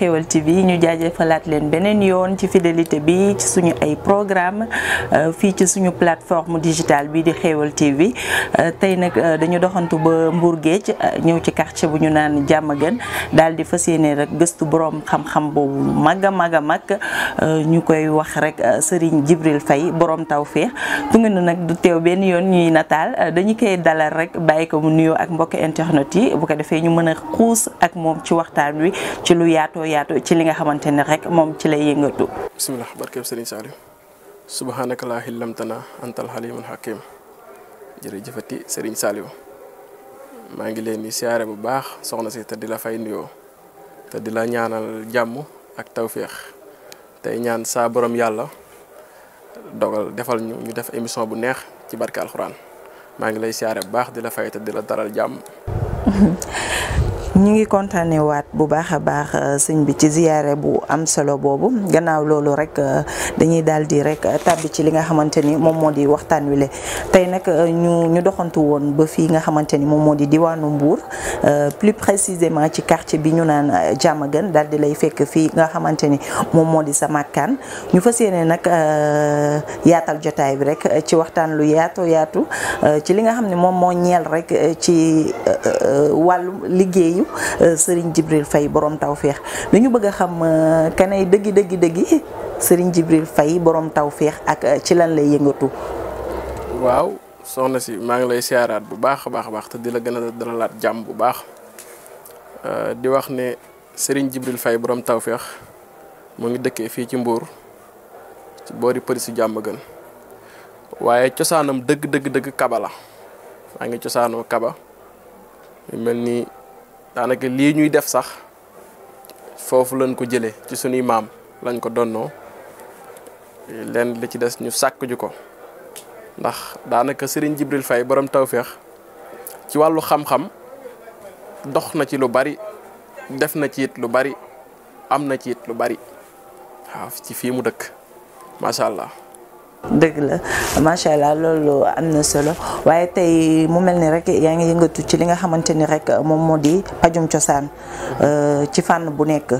Xeweul TV ñu jaajëfalaat leen beneen yoon ci fidélité bi ci suñu ay programme euh, fii ci suñu plateforme digitale bi di Xeweul TV euh, tey nag euh, dañu doxantu ba Mbour ci ñëw ci quartier bu ñu naan Diamaguène daal di fas yéene rek gëstu boroom xam-xam boobu mag a mag a mag ñu koy wax rek Serigne Djibril Faye boroom tawféex tu nga nag du teew benn yoon ñuy nataal dañu koy dalal rek bàyyi ko mu nuyoo ak mbokk internet yi bu ko defee ñu mën xuus ak moom ci waxtaan wi ci lu yaatu ci li nga xamante rek mom ci lay yëngatu bismillah barkeem sëriñ Saliou subhanaka laa xillamtana antal hakim jere jefati serigne Saliou ma ngi leen ni siyaare bu baax soxna ci te la fay nuyo te la ñaanal jamm ak tawfiq tay ñaan sa borom yalla dogal defal ñu ñu def émission bu neex ci barka alcorane ma ngi lay bu baax dila fay te daral jamm ñu ngi kontaane waat bu baax a baax euh, sëñ bi ci ziyaare bu am solo boobu gannaaw loolu rek euh, dañuy daal di rek euh, tàbbi ci li nga xamante ni moom moo di waxtaan wi tey nag ñu ñu doxantu woon ba fii nga xamante ni moom moo di diwaanu Mbour plus précisément ci quartier bi ñu naan Diamaguène daal di lay fekk fii nga xamante ni moom moo di Samakan ñu fas yéene nag yaatal jotaay bi rek ci waxtaan lu yaatu yaatu ci li nga xam ne moom moo ñeel rek ci wàllu liggéey sering euh, Serigne Jibril fay borom tawfiq dañu bëgg xam euh, kanay dëggi sering Serigne Jibril fay borom tawfiq ak euh, ci lan lay yëngatu. waw soxna ci ma ngi lay siyaaraat bu baax baax baax te dila gëna bu baax di wax ne Serigne Jibril fay borom tawfiq mo ngi dëkke fi ci Mbour ci boori police jam jàmm gën waaye cosaanam dëgg dëgg dëgg kaba la nga kaba melni daanaka lii ñuy def sax foofu lañ ko jëlee ci sunuy maam lañ ko donnoo lenn li ci des ñu sàkk ju ko ndax daanaka Serigne Jibril Faye borom tawféex ci wàllu xam-xam dox na ci lu bari def na ci it lu bari am na ci yit lu bari waaw ci fii mu dëkk macha allah. dëgg la macha allah loolu solo waaye tey mu mel ni rek yaa ngi yëngatu ci li nga xamante rek moom di pajum cosaan eh, ci fànn bu nekk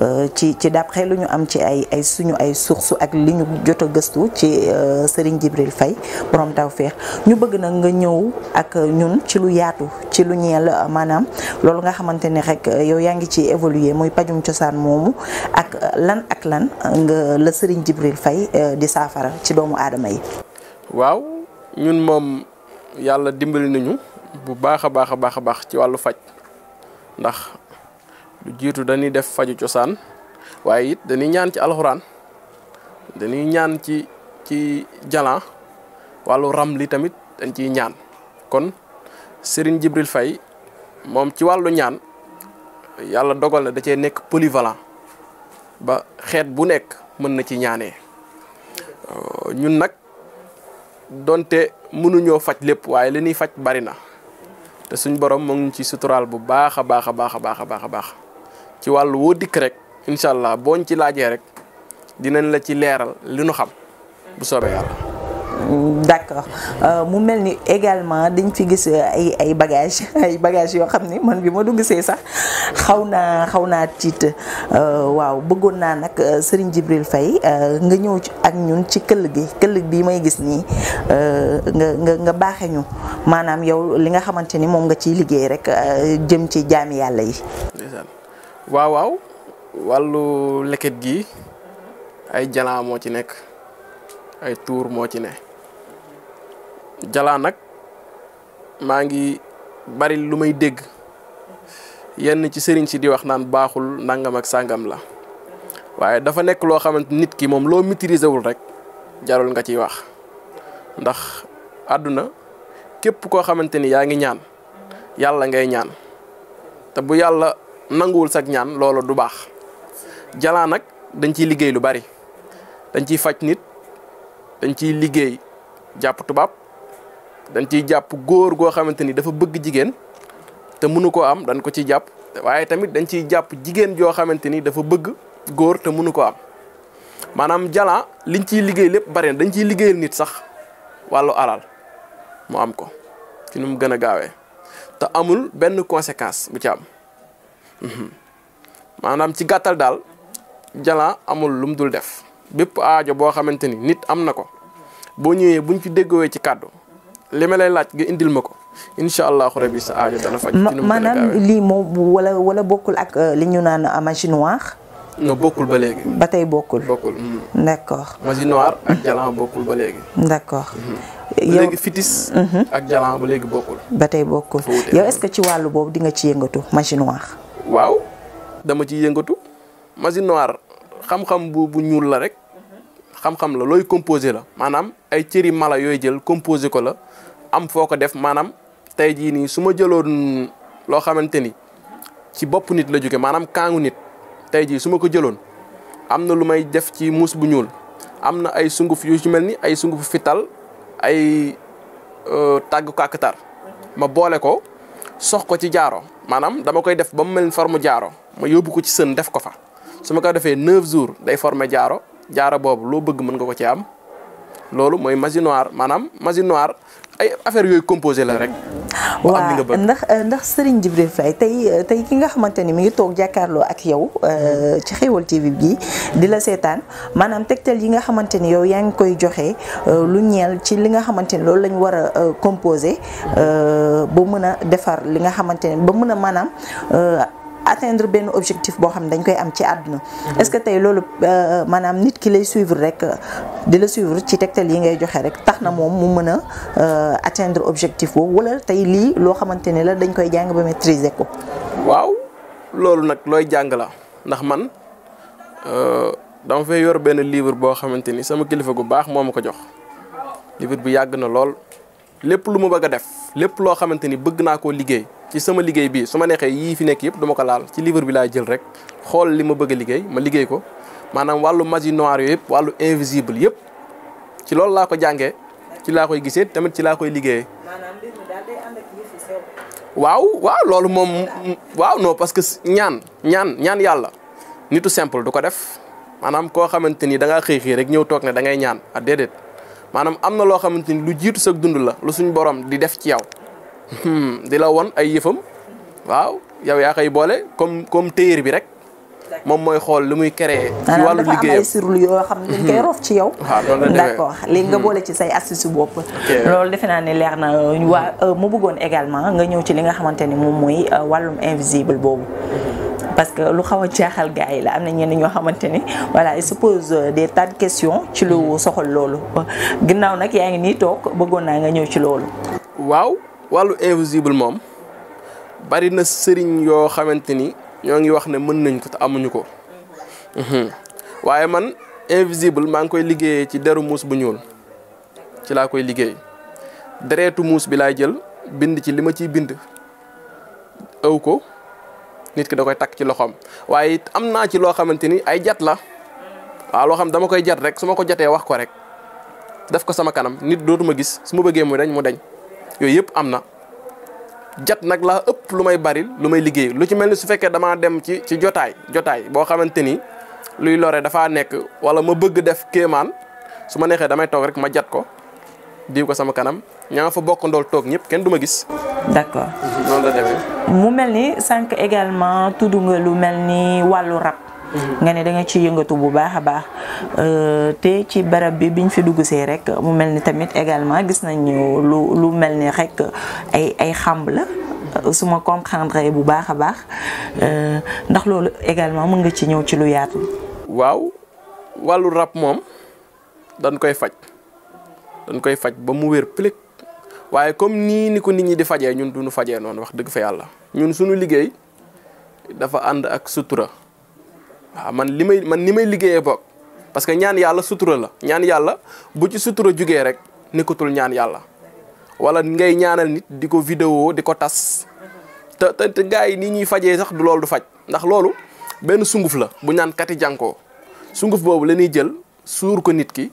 eh, ci ci d'après lu ñu am ci ay ay suñu ay sources ak li ñu jot a gëstu ci eh, Serigne Djibril Faye borom tawfeex ñu bëgg nag nga ñëw ak ñun ci lu yaatu ci lu ñeel maanaam loolu nga xamante ni rek yow yaa ngi ci évoluer muy pajum cosaan ak lan ak lan nga la Serigne Djibril Faye di saafara ci doomu adama yi waaw ñun moom yàlla dimbali nañu bu baax a baax a baax a baax ci wàllu faj ndax lu jiitu dañuy def faju cosaan waaye it dañuy ñaan ci alxuraan dañuy ñaan ci ci jalan wàllu ram li tamit dañ ciy ñaan kon Serigne Jibril fay moom ci wàllu ñaan yàlla dogal na da cee nekk polyvalent ba xeet bu nekk mën na ci ñaanee ñun nag donte mënuñoo faj lépp waaye li ñuy faj bari na te suñ borom mu ngi ci suturaal bu baax a baax a baax a baax a baax ci wàll woo dikk rek incha allah booñ ci laajee rek dinañ la ci leeral li nu xam bu soobee yàlla. d'accord euh, mu mel ni également dañ fi gis euh, ay ay bagages ay bagages yo xam ni man bi ma du gisee sax xaw naa xaw naa tiit euh, waaw bëggoon naa nag Serigne jibril Faye nga ñëw ak ñun ci këll gi këll bi may gis nii nga nga nga baaxe ñu maanaam yow li nga xamante ni moom nga ciy liggéey rek jëm ci yi. waaw waaw leket gi ay jala mo ci ay tour mo ci ne jala nak maa ngi bari lu may dégg yenn ci sëriñ si di wax naan baaxul nangam ak sàngam la waaye dafa nekk loo xamante nit ki moom loo maîtriser wul rek jarul nga ciy wax ndax àdduna képp koo xamante ni yaa ngi ñaan yàlla ngay ñaan te bu yàlla nanguwul sag ñaan loolu du baax jalaa nag dañ ciy liggéey lu bari dañ ciy faj nit dañ ciy liggéey jàpp tubaab dañ ciy jàpp góor goo xamante ni dafa bëgg jigéen te mënu ko am dañ ko ciy jàpp waaye tamit dañ ciy jàpp jigéen joo xamante ni dafa bëgg góor te mënu ko am maanaam jala liñ ciy liggéey lépp bari dañ ciy liggéeyal nit sax wàllu alal mu am ko ci nu mu gën a amul benn conséquence bu ci am mhm. maanaam ci gàttal daal jala amul lum dul def bépp aajo boo xamante ni nit am na ko boo ñëwee bu ñu ci déggowee ci kàddu li ma lay laaj nga indil ma ko incha allahu rabi sa aajo dana faj. maanaam lii moom wala wala bokkul ak euh, li ñu naan magie noire. nga bokkul ba léegi. ba tey bokkul bokkul. Hmm. d' accord magie noire ak jalan bokkul ba léegi. d' accord. Hmm. yow léegi fitis. Mhm. ak ba léegi bokkul. ba tey bokkul yow est que ci wàllu boobu di nga ci yëngatu machine noire. waaw dama ci yëngatu magie noire xam-xam bu ñuul la rek. xam-xam la looy composé la maanaam ay cëri mala yooyu jël composé ko la am foo ko def maanaam tey jii nii su ma jëloon loo xamante ni ci bopp nit la jóge maanaam kaangu nit tey jii su ma ko jëloon am na lu may def ci muus bu ñuul am na ay sunguf yu ci mel ni ay sunguf fital ay euh, tàgg kàkkatar ma boole ko sox ko ci jaaro maanaam dama koy def ba mu mel ni forme jaaro ma yóbbu ko ci sën def ko fa su ma ko defee neuf jours day former jaaro jaara boobu loo bëgg mën nga ko ci am loolu mooy magie noire maanaam magie noire ay affaire yooyu composé la rek. waaw ndax euh, ndax Serigne Djibril Faye tey euh, tey ki nga xamante ni mi ngi toog jàkkaarloo ak yow euh, ci Xéwal TV bi di la seetaan maanaam tegtal yi nga xamante ni yow yaa ngi koy joxe lu ñeel ci li nga xamante ni loolu lañ war a composé ba mën a defar li nga xamante ni ba mën a maanaam. atteindre benn objectif boo xam ne dañ koy am ci àdduna mhm. est-ce que tey loolu euh, maanaam nit ki lay suivre rek di la suivre ci tegtal yi ngay joxe rek tax na moom mu mën a euh, atteindre objectif boobu wala tey lii loo xamante ne la dañ koy jàng ba ko waaw loolu nag looy jàng la ndax man euh, dama fay yor benn livre boo xamante ni sama kilifa gu baax moo ma ko jox livre bu yàgg na lool lépp lu ma bëgg a def lépp loo xamante ni bëgg naa koo liggéey ci sama liggéey bi suma nexé yi fi nek yépp duma ko laal ci livre bi manam jël rek xol li ma bëgg a liggéey ma liggéey ko manam walu magie noire yépp walu invisible yépp ci lool la ko jàngee ci la koy gissé tamit ci la koy liggéeyee. waaw waaw loolu moom waaw non parce que ñaan ñaan ñaan yàlla nitu simple du ko def maanaam koo xamante ni da ngaa xëy xëy rek ñëw toog ne da ngay ñaan ah déedéet maanaam am na loo ni lu jiitu sa dund la lu di def ci Hmm, di la won ay yëfam waaw yow yaa koy boole comme comme téer bi rek moom mooy xool lu muy créé. ci wàllu liggéeyam yoo xam ne ci yow. Ah, d'accord léegi nga hmm. boole ci say astuce bopp. loolu defe naa ne leer na euh, waa euh, mu bëggoon également nga ñëw ci li nga xamante ni moom mooy euh, wàllum invisible boobu. Hmm. parce que lu xam a jaaxal gars yi la am na ñenn ñoo xamante ni voilà il se des tas de questions ci lu soxol loolu ginnaaw nag yaa ngi nii toog bëggoon naa nga ñëw ci loolu. waaw. Walu invisible mom, bari na sëriñ yo xamanteni ñoo ngi wax ne mën nañ ko amuñu ko mm-hmm. waye man invisible ma ngi koy liggéey ci deru muus bu ñuul ci la koy liggéey deretu muus bi lay jël bind ci lima ci bind ko nit ki da koy Wa ci loxom waye it am ci lo xamanteni ay jat la wa lo xam dama koy jat rek suma ko jatee wax ko rek def ko sama kanam nit dootuma gis sumo ma bëggee mu dañ mu dañ yooyu yëpp am na jat nag laa ëpp lu may baril lu may liggéey lu ci mel ni su fekkee damaa dem ci ci jotaay jotaay boo xamante ni luy lore dafa nekk wala ma bëgg def kéemaan su ma neexee damay toog rek ma jat ko diw ko sama kanam ña fa bokk ndool toog ñëpp kenn du ma gis. d'accord noonu la mu mel ni également tudd nga lu mel ni wàllu nga ne da nga ci yëngatu bu baax euh baax te ci barab bi biñ fi dugg see rek mu mel tamit également gis nañu lu lu mel rek ay ay xamb la euh, suma comprendre bu baax euh ndax lolu également mën nga ci ñëw ci lu yaatu waw walu rap mom dañ koy fajj dañ koy fajj ba mu wër plek waye comme ni ni ko nit ñi di fajee ñun duñu fajee non wax dëgg fa yalla ñun suñu liggéey dafa anda ak sutura waaw man li may man ni may liggéeyee bokk parce que ñaan yàlla sutura la ñaan yàlla bu ci sutura jógee rek nekkatul ñaan yàlla wala ngay ñaanal nit di ko vidéo di ko tas te te te yi nii ñuy fajee sax du loolu du faj ndax loolu benn sunguf la bu ñaan kati jànkoo sunguf boobu la ñuy jël suur ko nit ki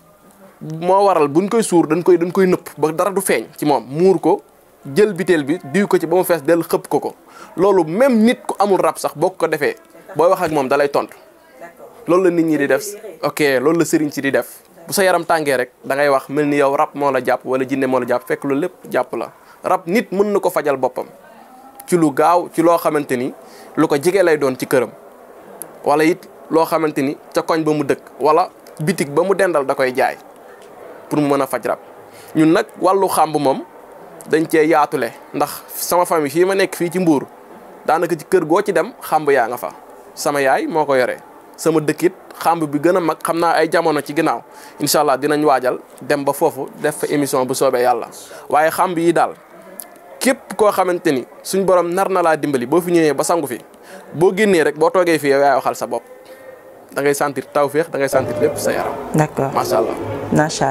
moo waral buñ koy suur dañ koy dañ koy nëpp ba dara du feeñ ci moom muur ko jël biteel bi diw ko ci ba mu fees del xëpp ko ko loolu même nit ku amul rab sax boo ko defee booy wax ak moom dalay tontu. loolu la nit ñi di def ok loolu la sëriñ ci di def bu sa yaram tàngee rek da ngay wax mel yow rab moo la jàpp wala jinne moo la jàpp fekk loolu lépp jàpp la rab nit mën ko fajal boppam ci lu gaaw ci loo xamante ni lu ko jege lay doon ci këram wala it loo xamante ni ca koñ ba mu dëkk wala bitik ba mu dendal da koy jaay pour mu mën faj rab ñun nag wàllu xàmb moom dañ cee yaatule ndax sama famille fii ma nekk fii ci mbuur daanaka ci kër goo ci dem xàmb yaa nga fa sama yaay moo ko sama dëkkit xamb bi gën a mag xam naa ay jamono ci ginnaaw incha allah dinañ waajal dem ba foofu def fa émission bu soobee yàlla waaye xàmb yi daal képp koo xamante ni suñ borom nar na laa dimbali boo fi ñëwee ba sangu fi boo génnee rek boo toogee fi yow yaay sa bopp. da ngay sentir tawféex da ngay sentir lépp sa yaram. d'accord macha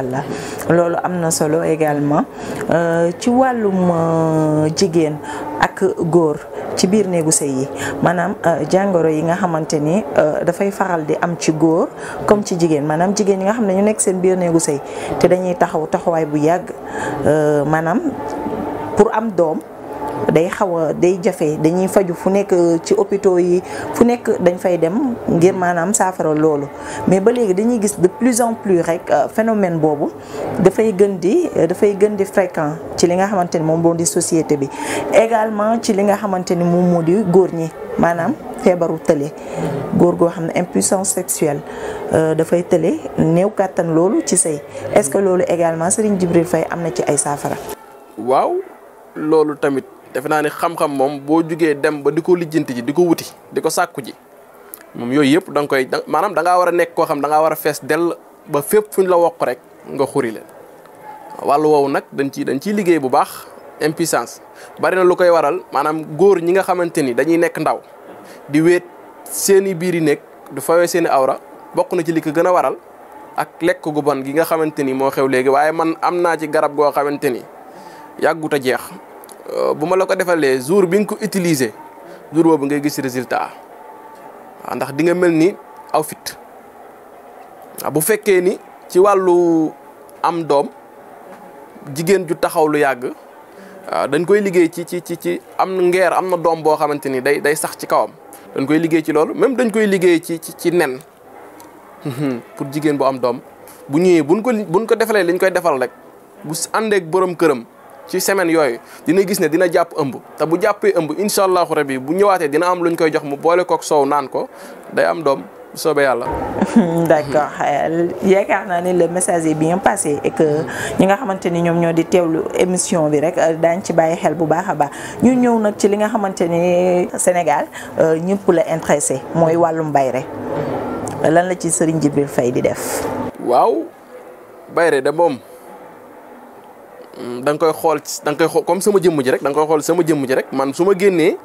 allah. loolu am na solo également euh, ci wàllum euh, jigéen ak góor ci biir néegu sëy yi maanaam euh, jàngoro yi nga xamante ni dafay faral di am ci góor comme ci jigéen maanaam jigéen ñi nga xam ne ñu nekk seen biir néegu sëy te dañuy taxaw taxawaay bu yàgg maanaam pour am doom. day xawa day jafé dañuy faju fu nekk ci hôpitaux yi fu nekk dañ fay dem ngir manam saafara lolu mais ba légui dañuy gis de plus en plus rek euh, phénomène boobu dafay gën di dafay gën di fréquent ci li nga xamanteni mom bondi société bi également ci li nga xamanteni mom moom moo di góor ñi maanaam feebaru tële góor goo xam ne impuissance sexuelle euh, dafay tële néew kàttan loolu ci sey est-ce que lolu également Serigne Djibril fay amna ci ay saafara waw lolu tamit defe naa ne xam-xam moom dem ba di ko ji di ko wuti di ko sàkku ji moom yooyu yëpp da nga koy maanaam da ngaa war a nekk koo xam da ngaa war a fees ba fépp fuñ la wokk rek nga xuri leen wàllu woowu dañ dañ bu baax impuissance bari na lu koy waral manam góor ñi nga xamante ni dañuy nekk ndaw di wet seeni biir yi nekk du fawee seeni awra bokku na ci li ko waral ak lekk gu bon gi nga xamante ni xew léegi waaye man amna naa ci garab goo xamante ni jeex Euh, buma la ko defalee jour biñ ko utiliser jour bobu ngay gis résultat ah, ndax di nga melni ni ah, bu fekkee ni ci walu am dom jigen ju taxaw lu yag ah, dañ koy ci ci ci am ngeer am na doom boo day day sax ci kawam dañ koy liggéey ci loolu même dañ koy liggéey ci ci ci nen pour jigen bu am dom bu ñëwee buñ ko buñ ko defalee liñ koy defal rek bu ak borom kërëm ci semaine yooyu dina gis ne dina jàpp ëmb te bu jàppee ëmb incha allahu rabi bu ñëwaatee dina am luñ koy jox mu boole kook soow naan ko day am doom bu soobee yàlla. d'accord euh, yaakaar naa ne le message bi bien passé et que ñi nga xamante ni ñoom ñoo di teewlu émission bi rek euh, daañ ci bàyyi xel bu baax a baax ñu ñëw nag ci li nga xamante ni Sénégal euh, ñëpp la intéressé mooy wàllum bayre lan la ci Serigne Djibril Faye di def. waaw bayre de moom. Mm, dang koy xol dang koy comme sama jëm ji rek dang koy xol sama jëm ji rek man suma génné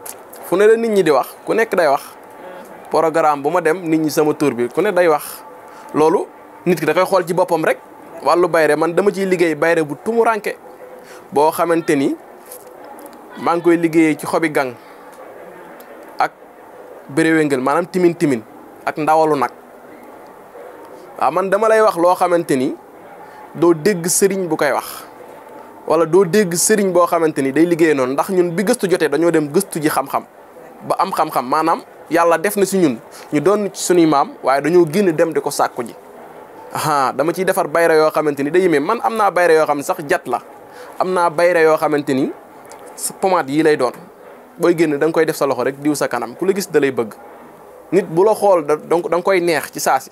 fu ne la nit ñi di wax ku nekk day wax programme buma dem nit ñi sama tour bi ku ne day wax lolu nit ki da koy xol ci bopam rek walu bayre man dama ci liggéey bayre bu tumu ranké bo xamanteni ma ngoy liggéey ci xobi gang ak béréwéngel manam timin timin ak ndawalu nak wa man dama lay wax lo xamanteni do deg dégg bu koy wax wala doo dégg sëriñ boo xamante ni day liggéey noonu ndax ñun bi gëstu jotee dañoo dem gëstu ji xam-xam ba am xam-xam maanaam yàlla def na si ñun ñu doon suñuy maam waaye dañoo génn dem di ko sàkku ji ah dama ciy defar bayre yoo xamante ni day yemee man am naa bayra yoo xam ne sax jat la am naa bayre yoo xamante ni sa yii lay doon booy génn da koy def sa loxo rek diw sa kanam ku la gis da lay bëgg nit bu la xool da nga koy neex ci saasi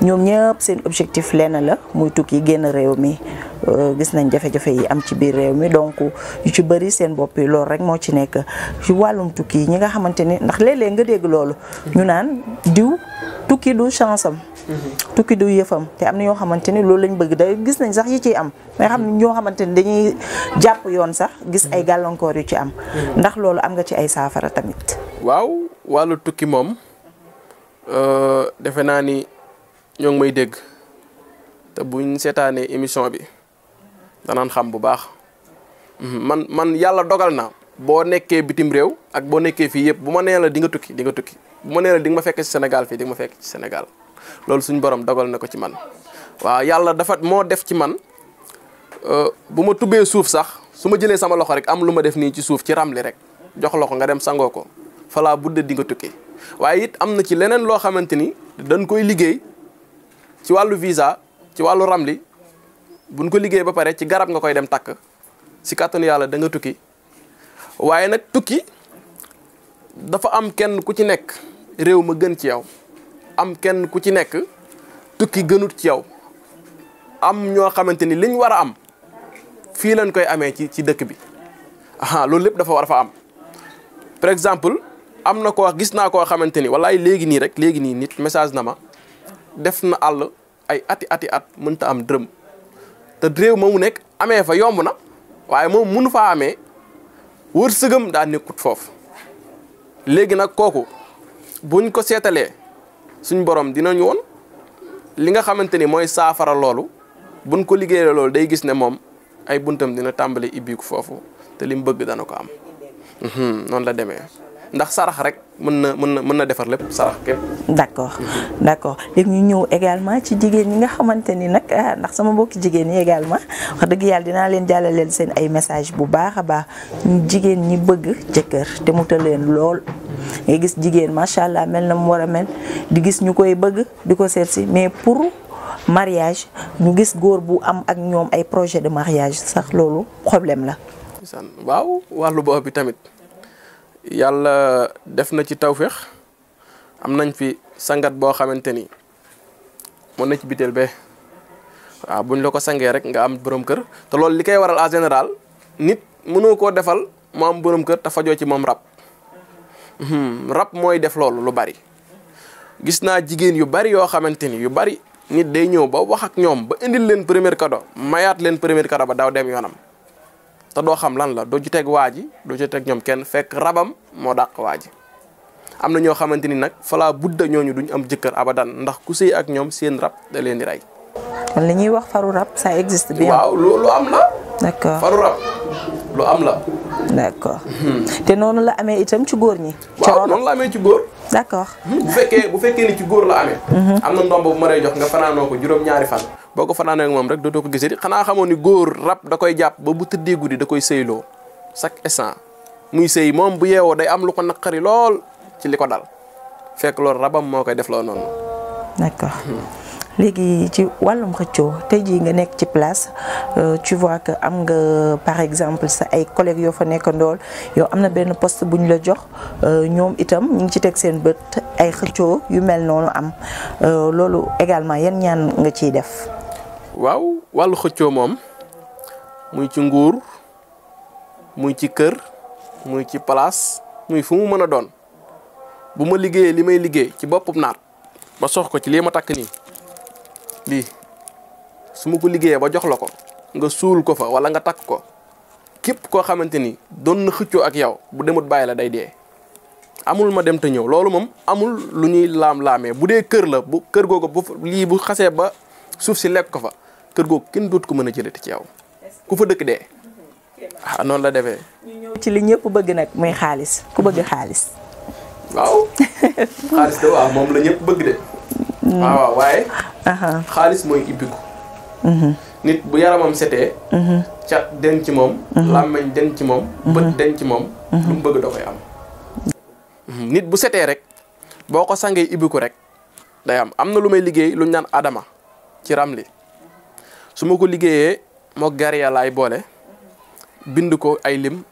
ñoom ñëpp seen objectif lenn la muy tukki génn réew mi euh, gis nañ jafe-jafe yi am ci biir réew mi donc yu ci bëri seen bopp yi loolu rek moo ci nekk ci wàllum tukki ñi nga xamante ni ndax léeg nga dégg ñu naan diw tukki du chance tukki du yëfam te am na ñoo xamante ni loolu lañ bëgg day gis nañ sax yi ciy am mais xam ne ñoo xamante ni dañuy jàpp yoon sax gis ay gàllankoor yu ci am ndax loolu am nga ci ay saafara tamit moom euh, defe naa ni ñoo ngi may dégg te buñ seetaanee émission bi danaan xam bu baax mhm. man man yàlla dogal na boo nekkee bitim réew ak boo nekkee fii yëpp bu ma nee la di tukki di nga tukki bu ma nee la di nga ma fekk ci Sénégal fii fekk ci Sénégal loolu suñu borom dogal na ko ci man waaw yàlla dafa moo def ci man euh, bu ma tubbee suuf sax su ma jëlee sama loxo rek am lu ma def nii ci suuf ci ramli rek jox loxo nga dem sangoo ko falaa budde di nga tukki waaye it am na ci leneen loo xamante ni dañ koy liggéey ci wàllu visa ci wàllu ramli buñ ko liggéey ba pare ci garab nga koy dem takk si kàttanu yàlla danga tukki waaye nag tukki dafa am kenn ku ci nekk réew ma gën ci yow am kenn ku ci nekk tukki gënut ci yow am ñoo xamante ni liñ war a am fii lañ koy amee ci ci dëkk bi aha loolu lépp dafa war a fa am par exemple am na koo gis naa koo xamante ni wallaay léegi nii rek léegi nii nit message na ma def na àll ay ati ati at mënta am dërëm te réew ma mu nekk amee fa yomb na waaye moom mënu faa amee wërsëgam daa nekkut foofu léegi nag kooku buñ ko seetalee suñ borom dinañu woon li nga xamante ni mooy saafara loolu buñ ko liggéeyee loolu day gis ne moom ay buntam dina tàmbali ibbiku foofu te li mu bëgg dana ko am mhm, noonu la demee. ndax sarax rek mën na mën na mën na defar lépp sarax képp. d' accord d' accord léegi ñu ñëw également ci jigéen ñi nga xamante ni nag ah, ndax sama mbokki jigéen ñi également wax dëgg yàlla dinaa leen jàllaleel seen ay message bu baax a baax jigéen ñi bëgg jëkkër te mu ta leen lool. ngay gis jigéen macha allah mel na mu war a mel di gis ñu koy bëgg di ko seet si mais pour mariage ñu gis góor bu am ak ñoom ay projet de mariage sax loolu problème la. waaw wàllu boobu bi tamit. yalla def na ci tawfiq am nañ fi sangat bo xamanteni mo na ci bitel be waaw buñ la ko rek nga am borom kër té lool li waral en général nit mënoo ko defal mo am borom kër ta fajo ci rap hmm rap moy def lool lu bari gis na jigen yu bari yo xamanteni yu bari nit day ñëw ba wax ak ñom ba indil leen premier cadeau mayat leen premier cadeau ba daw dem yonam te doo xam lan la doo ci teg waa ji doo teg ñoom kenn fekk rabam moo dàq waa ji am na ñoo xamante ni nag falaa budda ñooñu duñ am jëkkër abadan ndax ku sëy ak ñoom seen rab da leen di rey. kon li ñuy wax faru rab sa existe bien. waaw lu am la. d'accord faru am la. d'accord hmm. te noonu la amee itam ci góor ñi. waaw noonu la amee ci góor. Hmm, bu fekkee bu ni ci góor la amee. Mhm. am na ndomb bu ma lay jox nga fanaanoo ko juróom-ñaari fan. boo ko fanaanee moom rek dootoo ko gisati xanaa xamoon ni góor rab da koy jàpp ba bu tëddee guddi da koy sëyloo chaque instant muy sëy moom bu yeewoo day am lu ko naqari lool ci li ko dal fekk loolu rabam moo koy def loo noonu. d'accord léegi ci wàllum xëccoo tey jii nga nekk ci place euh, tu vois que am nga par exemple sa ay collègues yoo fa nekkandool yow am na benn poste bu ñu la jox euh, ñoom itam ñu ngi ci teg seen bët ay xëccoo yu mel noonu am euh, loolu également yan ñaan nga ciy def. waaw wàllu xëccoo moom muy ci nguur muy ci kër muy ci place muy fu mu mën a doon bu ma liggéeyee li may liggéey ci boppam naat ba sox ko ci lii ma takk nii lii su ma ko liggéeyee ba jox la ko nga suul ko fa wala nga takk ko képp koo xamante ni na xëccoo ak yow bu demut bàyyi day dee amul ma dem te ñëw loolu moom amul lu ñuy laam-laamee bu dee kër la bu kër googu bu lii bu xasee ba suuf si lekk ko fa kër googu kenn dootu ko mën a jëlati ci yow ku fa dëkk de ah la defee. ci li ñëpp bëgg nag muy xaalis ku bëgg xaalis. waaw xaalis de waaw moom la ñëpp bëgg de. Mm. waaw waaye. xaalis mooy ibbiku. Mm-hmm. nit bu yaramam setee. Mm-hmm. cat den ci moom. Mm-hmm. làmmeñ den ci moom. bët den moom. lu mu bëgg da am. nit bu setee rek boo ko sangee ibbiku rek day am am na lu may liggéey lu naan adama ci ramli. su ma ko liggéeyee moo gariya laay boole bind ko ay lim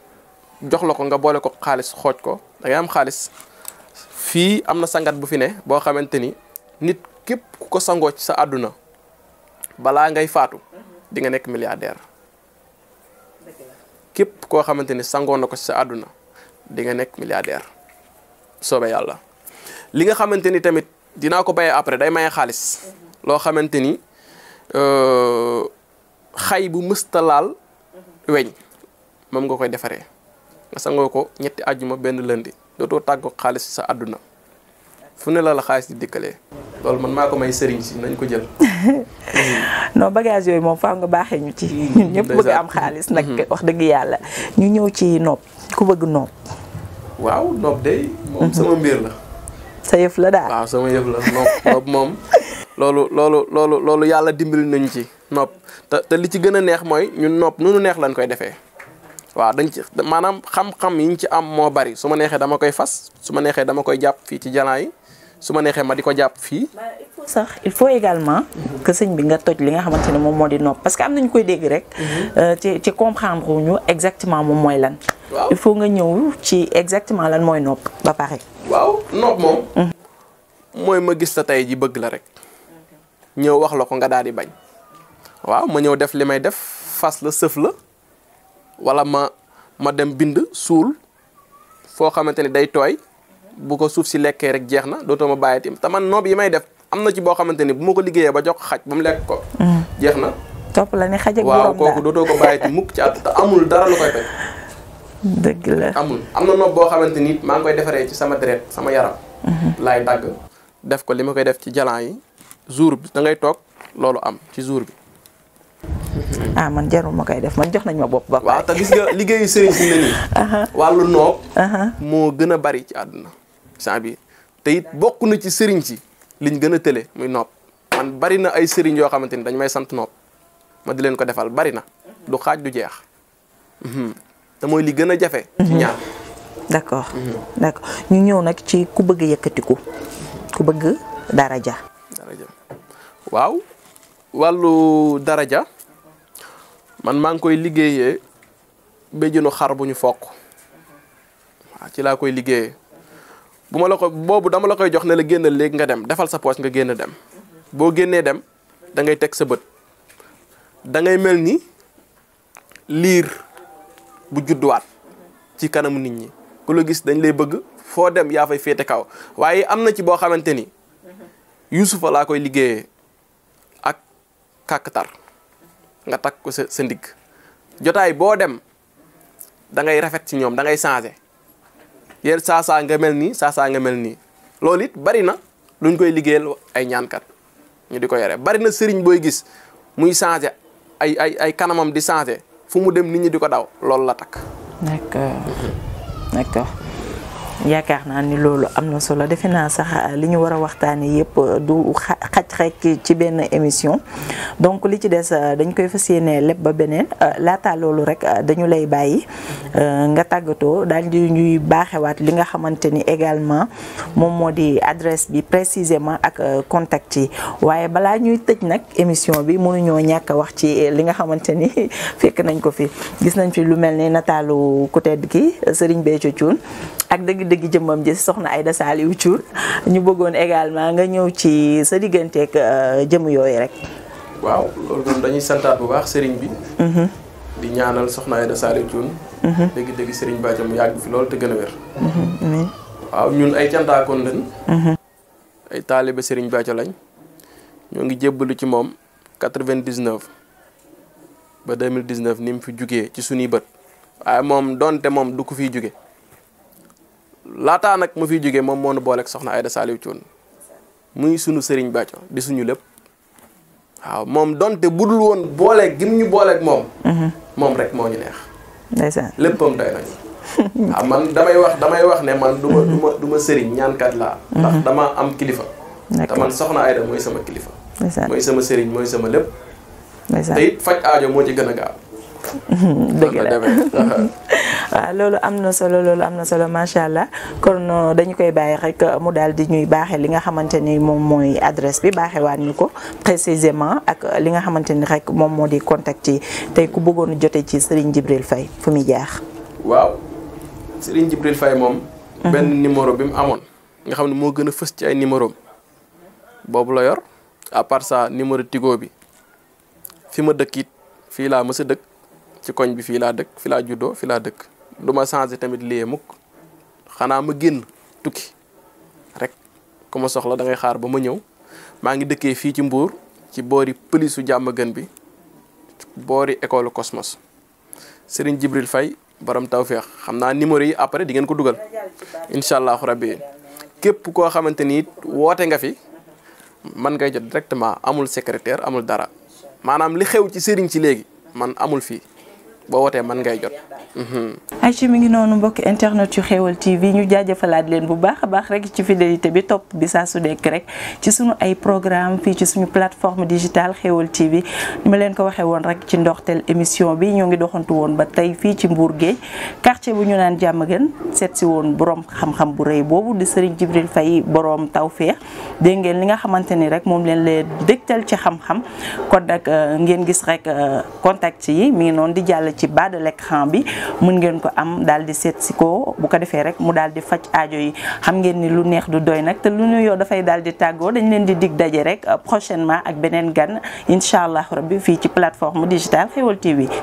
jox la ko nga boole ko xaalis xooj ko da ngay am xaalis fii am sangat bu fi ne boo xamante nit képp ku ko sangoo ci sa àdduna balaa ngay faatu di nga nekk milliardaire képp koo xamante ni sangoo ci sa àdduna di nga nekk milliardaire soobee yàlla li nga tamit dinaa ko bayee après day maye xaalis loo Euh, xay bu mësta laal weñ moom nga koy defaree nga sangoo ko ñetti àjjuma benn lëndi dootoo tàggoo xaalis sa àdduna fu ne la xaalis di dikkalee loolu man maa ko may sëriñ si nañ ko jël non bagage yooyu moom faaw nga baaxee ñu ci mm-hmm. ñun ñëpp bëgg am xaalis nag mm-hmm. wax dëgg yàlla ñu ñëw ci nopp ku bëgg nopp waaw nopp day moom mm-hmm. sama mbir la sa yëf la daal waaw sama yëf la nopp moom loolu loolu loolu loolu yàlla dimbali nañu ci nopp te te li ci gën a neex mooy ñun nopp nunu neex lañ koy defee waaw dañ ci maanaam xam-xam yi ñu ci am moo bari su ma neexee dama koy fas su ma neexee dama koy jàpp fii ci jalan yi su ma neexee ma di ko jàpp fii. il faut sax il faut également. que sëñ bi nga toj li nga xamante ne moom moo di nopp parce que am nañu koy dégg rek. Mhm. Euh, ci ci comprendre wu ñu exactement moom mooy lan. waaw il faut nga ñëw ci exactement lan mooy nopp ba pare. waaw nopp moom. Mhm. mooy ma gis ta tey ji bëgg la rek. ñëw wax la ko nga daal di bañ waaw ma ñëw def li may def fas la sëf la wala ma ma dem bind suul foo xamante ni day tooy bu ko suuf si lekkee rek jeex na dootoo ma bàyyi tim te man noob yi may def am na ci boo xamante ni bu ma ko liggéeyee ba jox ko xaj ba mu lekk ko. Mm. jeex na. topp la ne xaj ak waaw kooku dootoo ko bàyyi ti mukk ci at te amul dara lu koy bañ. amul am na noob boo xamante ni maa ngi koy defaree ci sama deret sama yaram. Mm-hmm. laay dagg def li ma def ci jalan yi. jour bi da ngay tok lolu am ci jour bi ah man jaru ma kay def man jox nañ ma bop ba waaw ta gis nga liggéeyu sëriñ ni ni walu nok mo gëna bari ci aduna sant bi te it bokku na ci sëriñ ci liñ gëna télé muy nop man bari na ay sëriñ yo xamanteni dañ may sant nop ma di len ko defal bari na du xaj du jeex mhm. te moy li gëna jafé jafe ci mhm. ñaar d'accord mhm. d'accord ñu ñëw nak ci ku bëgg yëkëti ku bëgg dara ja waaw wàllu daraja man maa ngi koy liggéeyee béjjënu xar bu ñu fokk waaw ci laa koy liggéeyee bu ma la ko boobu dama la koy jox ne la génnal léegi nga dem defal sa poche nga génn dem boo génnee dem da ngay teg sa bët da ngay mel ni liir bu judduwaat ci kanamu nit ñi ku la gis dañ lay bëgg foo dem yaa fay féete kaw waaye am na ci boo xamante ni Yuusufa laa koy liggéeyee kàkkatar nga takk ko sa sa ndigg jotaay boo dem da ngay rafet ci ñoom da ngay changé yéen saa saa nga mel nii saa saa nga mel nii loolu it bari na luñ koy liggéeyal ay ñaankat ñu di ko yore bari na sëriñ booy gis muy changé ay ay ay kanamam di changé fu mu dem nit ñi di ko daw loolu la takk. d'accord d'accord. yaakaar naa ni loolu am na solo defe naa sax euh, li ñu war a waxtaanee yëpp euh, du xaj rek ci benn émission donc li ci des euh, dañ koy fas yéene lépp ba beneen laataa loolu rek dañu lay bàyyi nga tàggatoo daal di ñuy baaxewaat li nga xamante ni également moom moo di adresse bi précisément ak contact yi waaye balaa ñuy tëj nag émission bi mënuñoo ñàkk wax ci li nga xamante ni fekk nañ ko fi gis nañ fi lu mel ni nataalu ku tedd ki Serigne Béthio Thioune ak dégg dégg jëmmam ji soxna Aïda Saliou Thiour ñu bëggoon également nga ñëw ci sa digganteeg euh, jëm yooyu rek. waaw loolu moom dañuy santaat bu baax sëriñ bi. Mm-hmm. di ñaanal soxna Aïda Saliou Thiour. Mm-hmm. dëgg-dëgg sëriñ Ba mu yàgg fi loolu te gën a wér. Mm-hmm. waaw ñun ay cantaakoon lañ. ay taalibe sëriñ Ba lañ. ñoo ngi jébbalu ci moom 99 ba 2019 ni mu fi jugee ci suñuy bët waaye moom donte moom du ko fiy jugee. laataa nag ma fi jógee moom moo nu booleeg soxna Aida Saliou Thioune muy sunu sëriñ Bàcco di suñu lépp waaw moom donte budul woon booleeg gim ñu booleeg moom. Mhm. moom rek moo ñu neex. léppam doy nañu. waaw man damay wax damay wax ne man du ma du ma du ma sëriñ ñaankat laa. Mhm. ndax dama am kilifa. te man soxna Aida mooy sama kilifa. mooy sama sëriñ mooy sama lépp. te it faj aajo moo ci gën a gaaw. dëgg la waaw loolu am na solo loolu am na solo macha allah kon euh, dañu koy bàyyi rek euh, mu daal di ñuy baaxee li nga xamante ni moom mooy adresse bi baaxee waat ñu ko précisément ak euh, li nga xamante ni rek moom moo di contact yi tey ku bëggoon jote ci Serigne Djibril fay fu muy jaar. waaw Serigne Djibril Faye moom. Mhm. benn numéro bi mu amoon. nga xam ne moo gën a fës ci ay numéro boobu la yor à part ça numéro tigo bi fi ma dëkk it fii laa mës a dëkk. ci koñ bi fi la dekk fi la juddo fi la tuki, luma changer tamit lié mukk xana ma genn tukki rek ku ma soxla da ngay xaar ba ma ñew ma ngi dekké fi ci Mbour ci bori police jamm gën bi bori école Cosmos Serigne Jibril Fay, borom tawfiq xamna numéro yi après di ngeen ko duggal inshallah rabbi kep ko xamanteni wote nga fi man ngay jot directement amul secrétaire amul dara manam li xew ci serigne ci man amul fi. boo wootee mën ngay jot. Mhm. ay ci mi ngi noonu mbokk internet yu xéewal TV ñu jaajëfalaat leen bu baax a baax rek ci fidélité bi topp bi saa su nekk rek ci suñu ay programme fii ci suñu plateforme digital xéewal TV ni ma leen ko waxee woon rek ci ndoxteel émission bi ñoo ngi doxantu woon ba tey fii ci Mbour Géej quartier bu ñu naan jàmm gën seet si woon borom xam-xam bu rëy boobu di Serigne Djibril Faye borom tawféex dégg ngeen li nga xamante ni rek moom leen leen dégtal ci xam-xam kon nag euh, ngeen gis rek euh, contact yi mi ci bas de l'écran bi mun ngeen ko am daal di seet si ko bu ko defee rek mu daal di faj ajo yi xam ngeen ni lu neex du doy nag te lu nuyoo dafay daal di tàggoo dañ leen di dig daje rek euh, prochainement ak beneen gan incha allah rabbi fii ci plateforme digitale Xeweul TV